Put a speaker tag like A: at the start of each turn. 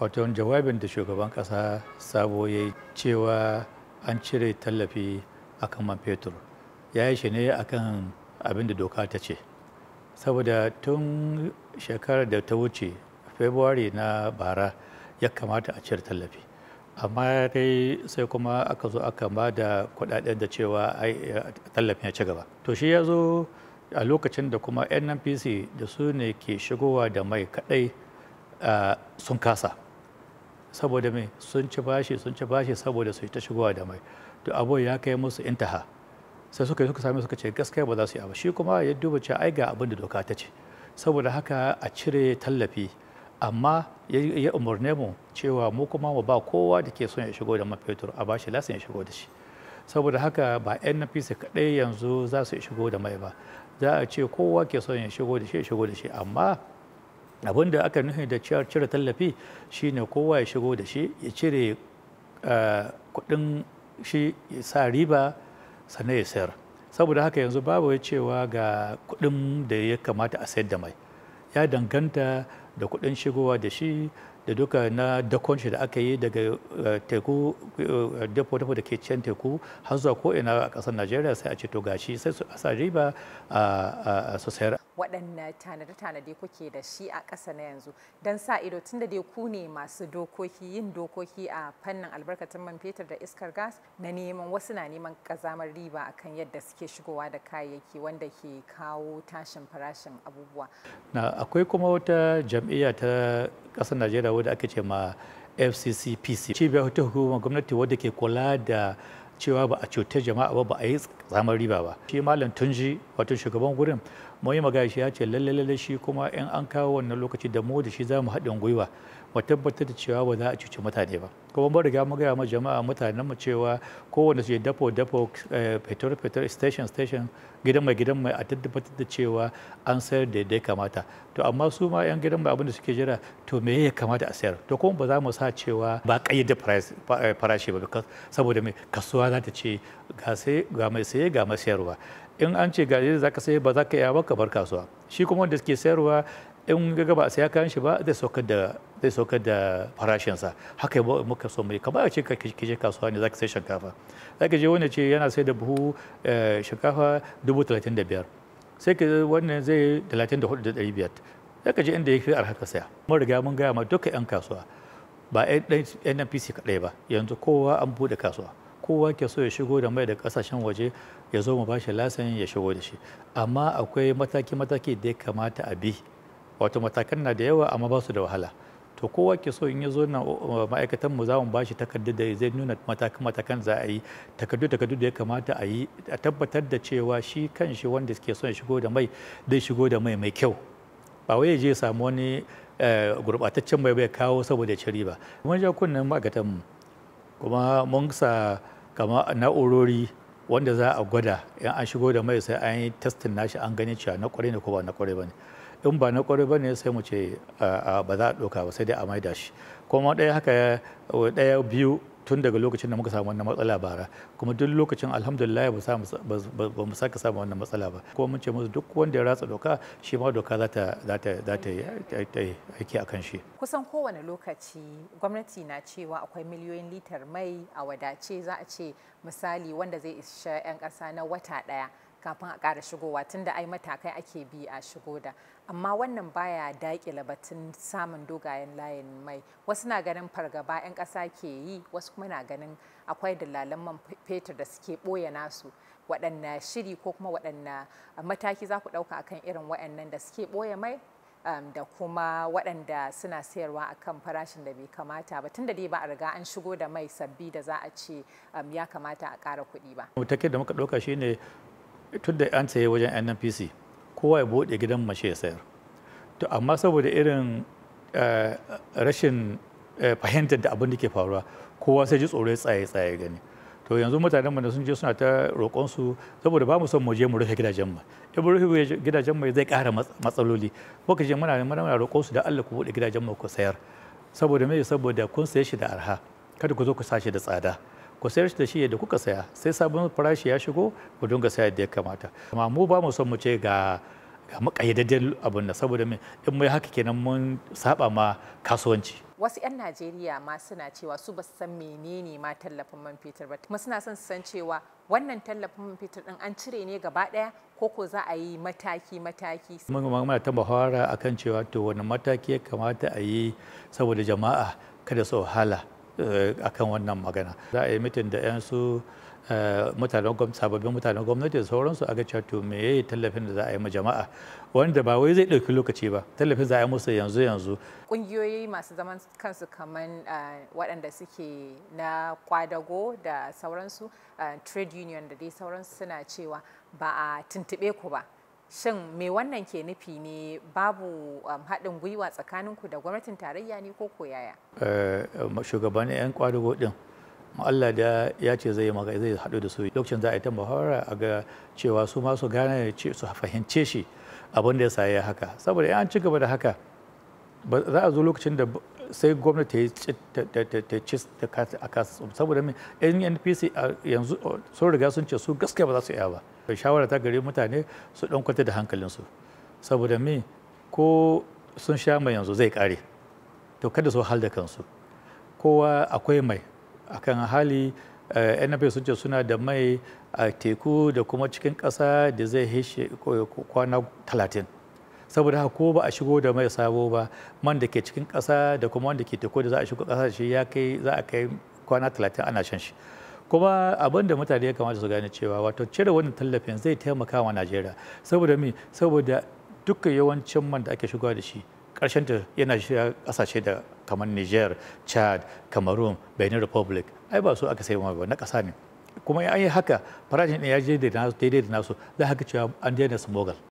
A: wato jawabin da shugaban ƙasa sabo ya yi cewa an cire tallafi akan man fetur ya yi shi ne a kan abin da doka ta ce saboda tun shekarar da ta wuce february na bara ya kamata a cire tallafi amma dai sai kuma aka zo aka ba da kudaden da cewa tallafin ya ci gaba to shi ya zo a lokacin da kuma nnpc da su ne ke shigowa da mai kadai ah, sun kasa saboda mai sun ci bashi sun ci bashi saboda su yi ta shigowa da mai to abu ya kai musu intaha sai suka yi suka sami suka ce gaskiya ba za su yi abu shi kuma ya duba ce ai ga abin da doka ta ce saboda haka a cire tallafi amma ya umarne mu cewa mu kuma mu ba kowa da ke son ya shigo da mai fetur a bashi lasin ya shigo da shi saboda haka ba fisa kaɗai yanzu za su shigo da mai ba za a ce kowa ke son ya shigo da shi ya shigo da shi amma abin da aka nufi da cire tallafi shine kowa ya shigo da shi ya cire eh, kudin shi ya sa riba sannan ya sayar saboda haka yanzu babu ya cewa ga kudin da ya kamata a sayar da mai ya danganta da kudin shigowa da shi da duka na dakon shi da aka yi daga eh, teku eh, depo da ke can teku har zuwa ko ina a ƙasar najeriya sai a ce gashi sai su asa riba a su sayar
B: waɗanne tanade-tanade kuke da shi a ƙasa na yanzu don sa ido tun da dai ku ne masu dokoki yin dokoki a fannin albarkatun man fetur da iskar gas na neman wasu na neman ƙazamar riba akan yadda suke shigowa da kayayyaki wanda ke kawo tashin farashin abubuwa.
A: na akwai kuma wata jam'iyya ta ƙasar najeriya wadda ake ce ma fccpc cibiyar ta hukumar gwamnati wadda ke kula da cewa ba a cutar jama'a ba ba a yi tsamar riba ba shi malam tunji wato shugaban gurin mai magana shi ya ce lalle lalle shi kuma in an kawo wannan lokaci da mu da shi za mu haɗin gwiwa mu tabbatar da cewa ba za a cuci mutane ba kuma mun riga mun gaya ma jama'a mutanen mu cewa kowanne su je dafo dafo eh, petrol petrol station station gidan mai gidan mai a tabbatar da cewa an sayar da ya kamata to amma su ma yan gidan mai abin da suke jira to me ya kamata a sayar to kuma ba za mu sa cewa ba da eh, farashi ba saboda mai kasuwa za ta ce ga mai saye ga mai in an ce ga za zaka sai ba za ka iya ba ka bar kasuwa shi kuma wanda suke sayarwa in gaga ba a saya kayan shi ba zai saukar da zai saukar da farashinsa haka muka so mai kamar a ce ka je kasuwa ne za ka sai shinkafa za ka je wanda ce yana sai da buhu eh, shinkafa dubu talatin da biyar sai ka wannan zai talatin da hudu da ɗari biyar za ka je inda ya fi arhaka saya mun riga mun gaya ma duka 'yan kasuwa ba 'yan npc kaɗai ba yanzu kowa an buɗe kasuwa kowa ke so ya shigo da mai da kasashen waje ya zo mu ba shi lasin ya shigo da shi amma akwai mataki-mataki da ya kamata a bi wato matakan na da yawa amma ba su da wahala to kowa ke so in ya zo na ma'aikatan mu za mu bashi takardu da zai nuna matakan matakan za a yi takardu takardu da ya kamata a yi a tabbatar da cewa shi kan shi wanda ke ya shigo da mai zai shigo da mai mai kyau ba wai je samu wani eh, gurbataccen mai bai kawo saboda ya ba ba mun ja kunnen ma'aikatan mu kuma mun sa kamar na'urori wanda za a gwada in an shigo da mai sai an yi testin nashi an gani cewa na kwarai ne ko ba na kwarai ba ne in ba na kwarai ba ne sai mu ce ba za a ɗauka ba sai dai a maida shi kuma ɗaya haka ɗaya biyu tun daga lokacin da muka samu wannan matsala bara kuma duk lokacin alhamdulillah ba mu sake samu wannan matsala ba kuma mun ce musu duk wanda ya ratsa doka shi ma doka za ta aiki a kan shi
B: kusan kowane lokaci gwamnati na cewa akwai miliyoyin litar mai a wadace za a ce misali wanda zai isha 'yan ƙasa na wata ɗaya kafin a ƙara shigowa tun tunda ai matakai ake bi a shigo da amma wannan baya daƙile batun samun dogayen layin mai wasu na ganin fargaba 'yan ƙasa ke yi wasu kuma na ganin akwai dalalan man fetur da suke ɓoye nasu waɗanna shiri ko kuma waɗanna mataki za ku ɗauka akan irin waɗannan da suke ɓoye mai Um, da kuma waɗanda suna sayarwa akan farashin da bai kamata ba tun da dai ba a riga an shigo da mai sabbi da za a ce um, ya kamata a ƙara kuɗi ba.
A: take da muka ɗauka shine tun da an saye wajen nnpc kowa ya buɗe gidan mace ya sayar to amma saboda irin eh, rashin eh, fahimtar da abin da ke faruwa kowa sai ji tsoro ya tsaye tsaye gani to yanzu mutanen mu sun je suna ta roƙon saboda ba mu son mu je mu rufe gidajen mu in mu rufe gidajen mu zai ƙara matsaloli muka je muna muna roƙon su da Allah ku buɗe gidajen mu ku sayar saboda me saboda kun saye shi da arha kada ku zo ku sashi da tsada ku sayar da shi da kuka saya sai sabon farashi ya shigo ku dinga saya da ya kamata amma mu ba mu son mu ce ga ga makayyadajen abin nan saboda in mai haka kenan mun saba ma kasuwanci
B: wasu 'yan najeriya ma suna cewa su ba san menene ma tallafin man fetur ba kuma suna son su san cewa wannan tallafin man fetur din an cire ne gaba daya ko ko za a yi mataki mataki
A: mun muna ta muhawara akan cewa to wani mataki ya kamata a yi saboda jama'a kada su wahala Eh, a kan wannan magana za a yi mitin da 'yan eh, mutanen gwamnati sababbin mutanen gwamnati da sauransu a ga to me yayi tallafin da za a yi ma jama'a wanda ba wai zai ɗauki lokaci ba tallafin za a yi musu yanzu yanzu
B: ƙungiyoyi masu zaman kansu kamar eh, waɗanda suke na kwadago da sauransu trade union da dai sauransu suna cewa ba a tuntuɓe ku ba shin me wannan ke nufi ne babu um, haɗin gwiwa tsakaninku da gwamnatin tarayya ne ko koyaya
A: eh, um, shugabannin 'yan kwadugo din Allah da ya ce zai maga zai haɗu da su lokacin za a yi ta muhawara a ga cewa su ma su gane su fahimce shi abin da ya sa haka saboda an ci gaba da haka za a zo lokacin da sai gwamnati ta ci a kasa saboda mai nnpc yanzu sun riga sun ce su gaskiya ba za su iya ba shawara ta gari mutane su ɗan kwata da hankalinsu saboda mai ko sun sha mai yanzu zai kare to kada su hal da kansu kowa akwai mai akan hali eh, nnpc sun ce suna da mai a teku da kuma cikin ƙasa da zai heshe kwana talatin saboda haka ko ba a shigo da mai sabo ba man da ke cikin ƙasa da kuma wanda ke teku da za a shigo ƙasa shi ya kai za a kai kwana talatin ana shan shi kuma abin da mutane ya kamata su gane cewa wato cire wannan tallafin zai taimaka wa najeriya saboda mi saboda dukkan yawancin man da ake shigowa da shi karshen ta yana shiga kasashe da kamar niger chad cameroon benin republic ai ba su aka sai ba na ƙasa ne kuma an yi haka farashin ya je daidai da nasu za a haka cewa an daina smuggle